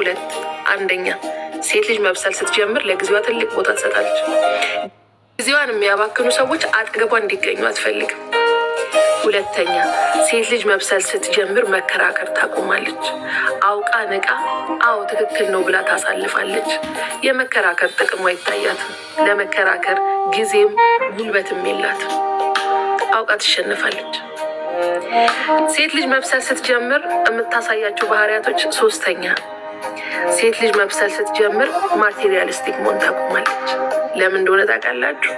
ሁለት አንደኛ ሴት ልጅ መብሰል ስትጀምር ለጊዜዋ ትልቅ ቦታ ትሰጣለች። ጊዜዋን የሚያባክኑ ሰዎች አጠገቧ እንዲገኙ አትፈልግም። ሁለተኛ ሴት ልጅ መብሰል ስትጀምር መከራከር ታቆማለች። አውቃ ነቃ አዎ ትክክል ነው ብላ ታሳልፋለች። የመከራከር ጥቅሙ አይታያትም። ለመከራከር ጊዜም ጉልበትም የላትም። አውቃ ትሸንፋለች። ሴት ልጅ መብሰል ስትጀምር የምታሳያቸው ባህሪያቶች ሶስተኛ ሴት ልጅ መብሰል ስትጀምር ማቴሪያሊስቲክ መሆን ታቆማለች። ለምን እንደሆነ ታውቃላችሁ?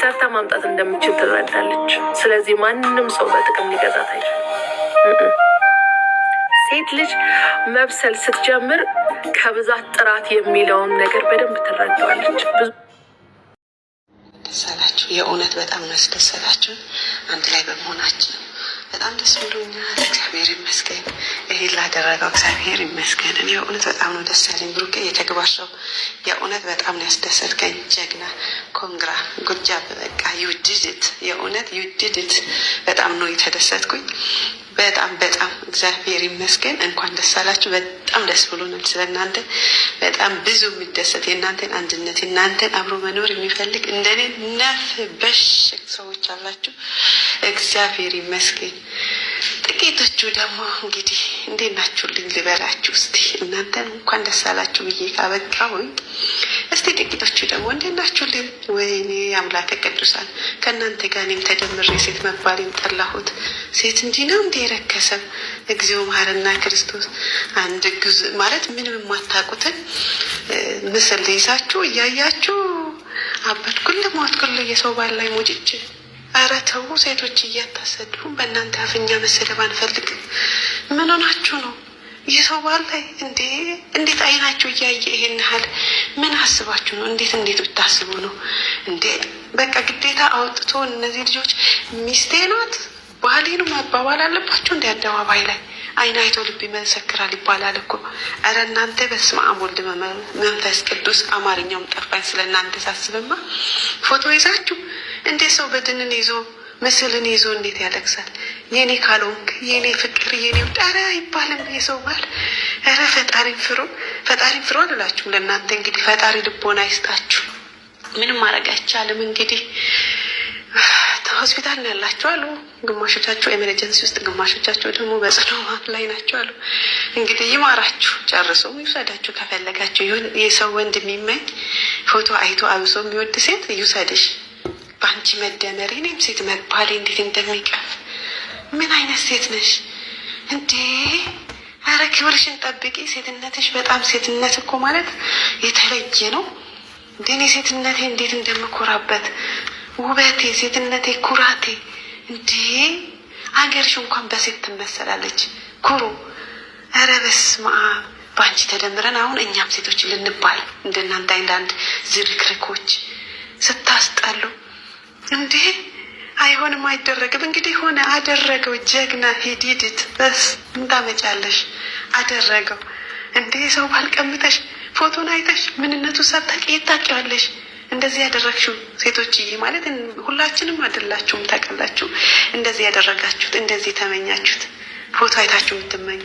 ሰርታ ማምጣት እንደምችል ትረዳለች። ስለዚህ ማንም ሰው በጥቅም ሊገዛት አይችል። ሴት ልጅ መብሰል ስትጀምር ከብዛት ጥራት የሚለውን ነገር በደንብ ትረዳዋለች። ደሰላችሁ የእውነት በጣም ነው ያስደሰላችሁ አንድ ላይ በመሆናችን በጣም ደስ ብሎኛል። እግዚአብሔር ይመስገን። ይሄን ላደረገው እግዚአብሔር ይመስገን። እኔ በእውነት በጣም ነው ደስ ያለኝ። ብሩኬ የተግባር ሰው የእውነት በጣም ነው ያስደሰትከኝ። ጀግና ኮንግራ ጉጃ በቃ ዩድድት የእውነት ዩድድት በጣም ነው የተደሰትኩኝ። በጣም በጣም እግዚአብሔር ይመስገን። እንኳን ደስ አላችሁ። በጣም ደስ ብሎናል ስለ እናንተ። በጣም ብዙ የሚደሰት የእናንተን አንድነት የእናንተን አብሮ መኖር የሚፈልግ እንደኔ ነፍ በሽ ሰዎች አላችሁ። እግዚአብሔር ይመስገን። ጥቂቶቹ ደግሞ እንግዲህ እንዴት ናችሁልኝ ልበላችሁ እስቲ እናንተን እንኳን ደስ አላችሁ ብዬ ካበቃ ወይ እስቲ ጥቂቶቹ ደግሞ እንዴት ናችሁልኝ? ወይኔ አምላከ ቅዱሳን ከእናንተ ጋር እኔም ተደምሬ ሴት መባልን ጠላሁት። ሴት እንጂ ነው እንዴ የረከሰም? እግዚኦ መሐረና ክርስቶስ። አንድ ግዝ ማለት ምንም የማታውቁትን ምስል ይዛችሁ እያያችሁ አባት ኩል ሞት የሰው ባል ላይ ሙጭጭ ኧረ ተው ሴቶች እያታሰዱ በእናንተ አፍኛ መሰደብ አንፈልግም። ምን ሆናችሁ ነው? የሰው ባል ላይ እንዴ እንዴት አይናችሁ እያየ ይሄን ያህል ምን አስባችሁ ነው? እንዴት እንዴት ብታስቡ ነው እንዴ? በቃ ግዴታ አውጥቶ እነዚህ ልጆች ሚስቴ ናት ባህሌ ነው መባባል አለባቸው። እንደ አደባባይ ላይ አይን አይቶ ልብ ይመሰክራል ይባላል እኮ። ኧረ እናንተ በስመ አብ ወልድ መንፈስ ቅዱስ አማርኛውም ጠፋኝ። ስለ እናንተ ሳስብማ ፎቶ ይዛችሁ እንዴት ሰው በድንን ይዞ ምስልን ይዞ እንዴት ያለቅሳል? የኔ ካልሆንክ የኔ ፍቅር የኔ ጣራ ይባልም የሰው ባል ረ ፈጣሪን ፍሩ፣ ፈጣሪን ፍሩ አልላችሁ። ለእናንተ እንግዲህ ፈጣሪ ልቦና አይስጣችሁ። ምንም ማድረግ አይቻልም። እንግዲህ ሆስፒታል ነው ያላችሁ አሉ። ግማሾቻችሁ ኤመርጀንሲ ውስጥ፣ ግማሾቻችሁ ደግሞ በጽኑ ላይ ናቸው አሉ። እንግዲህ ይማራችሁ፣ ጨርሶ ይውሰዳችሁ። ከፈለጋችሁ የሰው ወንድ የሚመኝ ፎቶ አይቶ አብሶ የሚወድ ሴት ይውሰድሽ። በአንቺ መደመር እኔም ሴት መባሌ እንዴት እንደሚቀፍ ምን አይነት ሴት ነሽ እንዴ! አረ ክብርሽን ጠብቂ። ሴትነትሽ በጣም ሴትነት እኮ ማለት የተለየ ነው። እንደኔ ሴትነቴ እንዴት እንደምኮራበት ውበቴ፣ ሴትነቴ፣ ኩራቴ እንዴ! አገርሽ እንኳን በሴት ትመሰላለች። ኩሩ። አረ በስመ አብ በአንቺ ተደምረን አሁን እኛም ሴቶች ልንባል እንደናንተ አንዳንድ ዝርክርኮች ስታስጠሉ እንዴ አይሆንም፣ አይደረግም። እንግዲህ ሆነ አደረገው። ጀግና ሂዲድት በስ እንታመጫለሽ አደረገው። እንዴ ሰው ባልቀምጠሽ ፎቶን አይተሽ ምንነቱ ሳታውቂ የታቂዋለሽ እንደዚህ ያደረግሽው ሴቶችዬ ማለት ሁላችንም አይደላችሁም፣ ታውቃላችሁ። እንደዚህ ያደረጋችሁት እንደዚህ ተመኛችሁት ፎቶ አይታችሁ የምትመኙ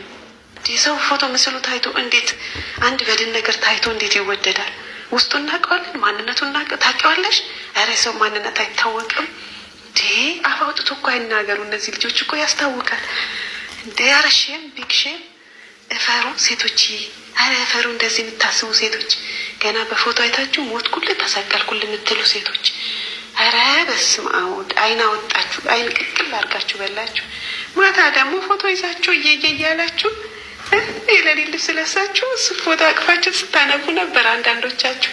ሰው ፎቶ ምስሉ ታይቶ እንዴት አንድ በድን ነገር ታይቶ እንዴት ይወደዳል? ውስጡ እናውቀዋለን፣ ማንነቱ ታውቂዋለሽ። ኧረ ሰው ማንነት አይታወቅም እንዴ! አፍ አውጥቶ እኮ አይናገሩ እነዚህ ልጆች እኮ ያስታውቃል እንዴ! ኧረ ሼም ቢግ ሼም። እፈሩ ሴቶች፣ ኧረ እፈሩ እንደዚህ የምታስቡ ሴቶች፣ ገና በፎቶ አይታችሁ ሞትኩል ተሰቀልኩል የምትሉ ሴቶች ኧረ በስመ አብ አይን አወጣችሁ፣ አይን ቅቅል አድርጋችሁ በላችሁ። ማታ ደግሞ ፎቶ ይዛችሁ እየየ እያላችሁ የሌሊት ልብስ ለሳችሁ እሱ ፎቶ አቅፋችሁ ስታነቡ ነበር አንዳንዶቻችሁ።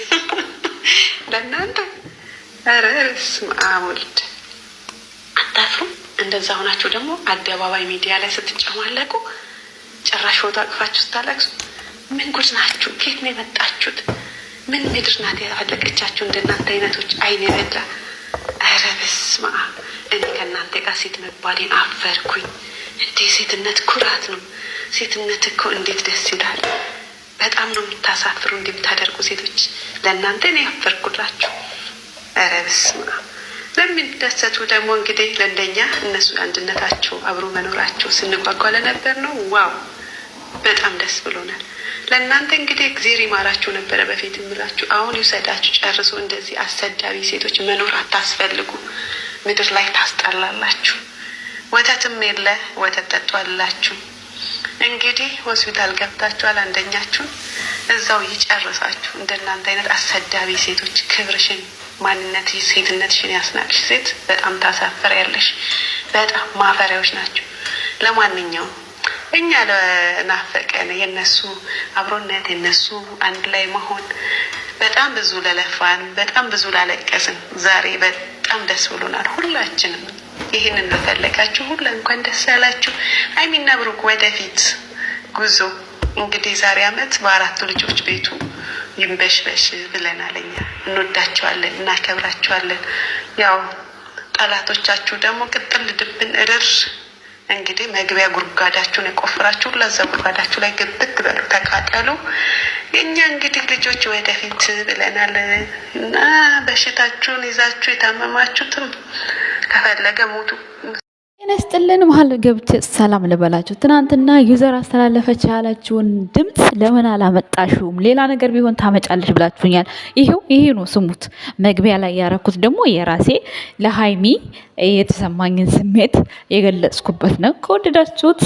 ለእናንተ ረስ ስመ ወልድ አታፍሩም? እንደዛ ሆናችሁ ደግሞ አደባባይ ሚዲያ ላይ ስትጨማለቁ ጭራሽ ፎቶ አቅፋችሁ ስታለቅሱ ምን ጉድ ናችሁ? ከየት ነው የመጣችሁት? ምን ምድር ናት ያፈለቀቻችሁ? እንደናንተ አይነቶች አይን የበላ ኧረ በስመ እኔ ከእናንተ ጋር ሴት መባሌን አፈርኩኝ። እንዴ ሴትነት ኩራት ነው። ሴትነት እኮ እንዴት ደስ ይላል። በጣም ነው የምታሳፍሩ እንደምታደርጉ ሴቶች። ለእናንተ ነው ያፈርኩላችሁ። ኧረ በስመ አብ ለሚደሰቱ ደግሞ እንግዲህ ለእንደኛ እነሱ አንድነታቸው አብሮ መኖራቸው ስንጓጓ ለነበር ነው። ዋው በጣም ደስ ብሎናል። ለእናንተ እንግዲህ እግዜር ይማራችሁ ነበረ በፊት የምላችሁ። አሁን ይውሰዳችሁ ጨርሶ። እንደዚህ አሰዳቢ ሴቶች መኖር አታስፈልጉ። ምድር ላይ ታስጠላላችሁ። ወተትም የለ ወተት ጠጧላችሁ። እንግዲህ ሆስፒታል ገብታችኋል። አንደኛችሁን እዛው ይጨርሳችሁ። እንደናንተ አይነት አሰዳቢ ሴቶች ክብርሽን፣ ማንነት፣ ሴትነትሽን ያስናቅሽ ሴት በጣም ታሳፈር ያለሽ በጣም ማፈሪያዎች ናቸው። ለማንኛውም እኛ ለናፈቀን የነሱ አብሮነት የነሱ አንድ ላይ መሆን በጣም ብዙ ለለፋን፣ በጣም ብዙ ላለቀስን ዛሬ በጣም ደስ ብሎናል ሁላችንም። ይህንን በፈለጋችሁ ሁሉ እንኳን ደስ ያላችሁ። ሀይሚና ብሩክ ወደፊት ጉዞ እንግዲህ ዛሬ አመት በአራቱ ልጆች ቤቱ ይንበሽበሽ ብለናል። እኛ እንወዳቸዋለን፣ እናከብራቸዋለን። ያው ጠላቶቻችሁ ደግሞ ቅጥል ድብን እርር እንግዲህ መግቢያ ጉርጓዳችሁን የቆፍራችሁ ሁላዛ ጉርጓዳችሁ ላይ ግብት በሉ፣ ተቃጠሉ። የእኛ እንግዲህ ልጆች ወደፊት ብለናል እና በሽታችሁን ይዛችሁ የታመማችሁትም ከፈለገ ሞቱ ይነስጥልን መሀል ገብቼ ሰላም ልበላችሁ። ትናንትና ዩዘር አስተላለፈች ያላችሁን ድምፅ ለምን አላመጣሽውም? ሌላ ነገር ቢሆን ታመጫለች ብላችሁኛል። ይሄው ይሄ ነው ስሙት። መግቢያ ላይ ያረኩት ደግሞ የራሴ ለሀይሚ የተሰማኝን ስሜት የገለጽኩበት ነው። ከወደዳችሁት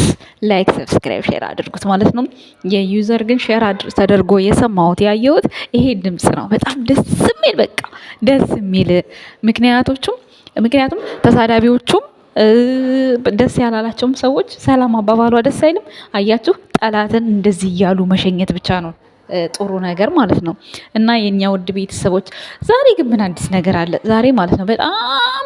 ላይክ፣ ሰብስክራይብ፣ ሼር አድርጉት ማለት ነው። የዩዘር ግን ሼር ተደርጎ የሰማሁት ያየሁት ይሄ ድምፅ ነው። በጣም ደስ የሚል በቃ ደስ የሚል ምክንያቶቹም ምክንያቱም ተሳዳቢዎቹም ደስ ያላላቸውም ሰዎች ሰላም አባባሏ ደስ አይልም። አያችሁ ጠላትን እንደዚህ እያሉ መሸኘት ብቻ ነው ጥሩ ነገር ማለት ነው። እና የእኛ ውድ ቤተሰቦች ዛሬ ግን ምን አዲስ ነገር አለ ዛሬ ማለት ነው በጣም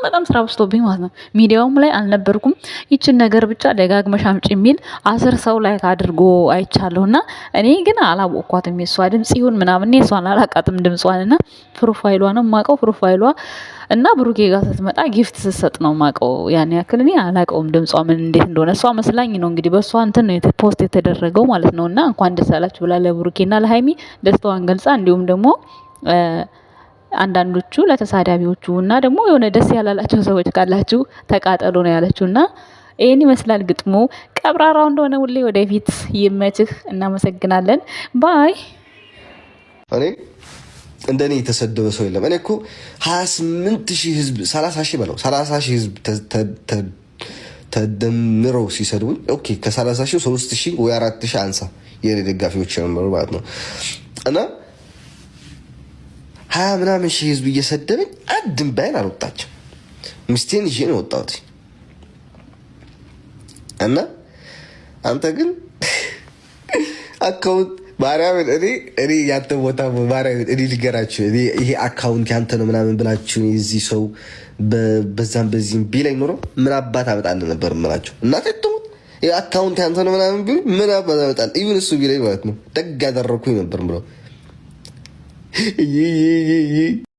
በጣም ስራ በዝቶብኝ ማለት ነው። ሚዲያውም ላይ አልነበርኩም። ይችን ነገር ብቻ ደጋግመሽ አምጪ የሚል አስር ሰው ላይ አድርጎ አይቻለሁ። እና እኔ ግን አላወቅኳትም። የሷ ድምፅ ይሁን ምናምን የሷን አላቃትም ድምጿን እና ፕሮፋይሏ ነው ማቀው ፕሮፋይሏ እና ብሩኬ ጋር ስትመጣ ጊፍት ስትሰጥ ነው ማቀው። ያን ያክል እኔ አላቀውም ድምጿ ምን እንዴት እንደሆነ እሷ መስላኝ ነው እንግዲህ በእሷ እንትን ነው ፖስት የተደረገው ማለት ነው። እና እንኳን ደስ አላችሁ ብላ ለብሩኬና ለሀይሚ ደስታዋን ገልጻ እንዲሁም ደግሞ አንዳንዶቹ ለተሳዳቢዎቹ እና ደግሞ የሆነ ደስ ያላላቸው ሰዎች ካላችሁ ተቃጠሉ ነው ያለችው እና ይህን ይመስላል ግጥሙ። ቀብራራው እንደሆነ ሁሌ ወደፊት ይመችህ። እናመሰግናለን። ባይ። እኔ እንደ እኔ የተሰደበ ሰው የለም። እኔ እኮ ሀያ ሺህ ህዝብ ሰላሳ ሺህ በለው ሰላሳ ሺህ ህዝብ ተደምረው ሲሰድቡኝ፣ ኦኬ ከሰላሳ ሺህ ሶስት ሺህ ወይ አራት ሺህ አንሳ የእኔ ደጋፊዎች ነበሩ ማለት ነው እና ሀያ ምናምን ሺህ ህዝብ እየሰደበኝ አድም ባይን አልወጣቸው። ሚስቴን ይዤ ነው የወጣሁት እና አንተ ግን አካውንት ማርያምን እኔ እኔ ያንተ ቦታ ማርያምን እኔ ልገራችሁ ይሄ አካውንት ያንተ ነው ምናምን ብላችሁ የዚህ ሰው በዛም በዚህም ቢለኝ ኖሮ ምን አባት አመጣልህ ነበር ምላቸው እናቴ ትሙት አካውንት ያንተ ነው ምናምን ቢሉኝ ምን አባት አመጣልህ ኢቭን እሱ ቢለኝ ማለት ነው ደግ ያደረግኩኝ ነበር ምለው 咦咦咦咦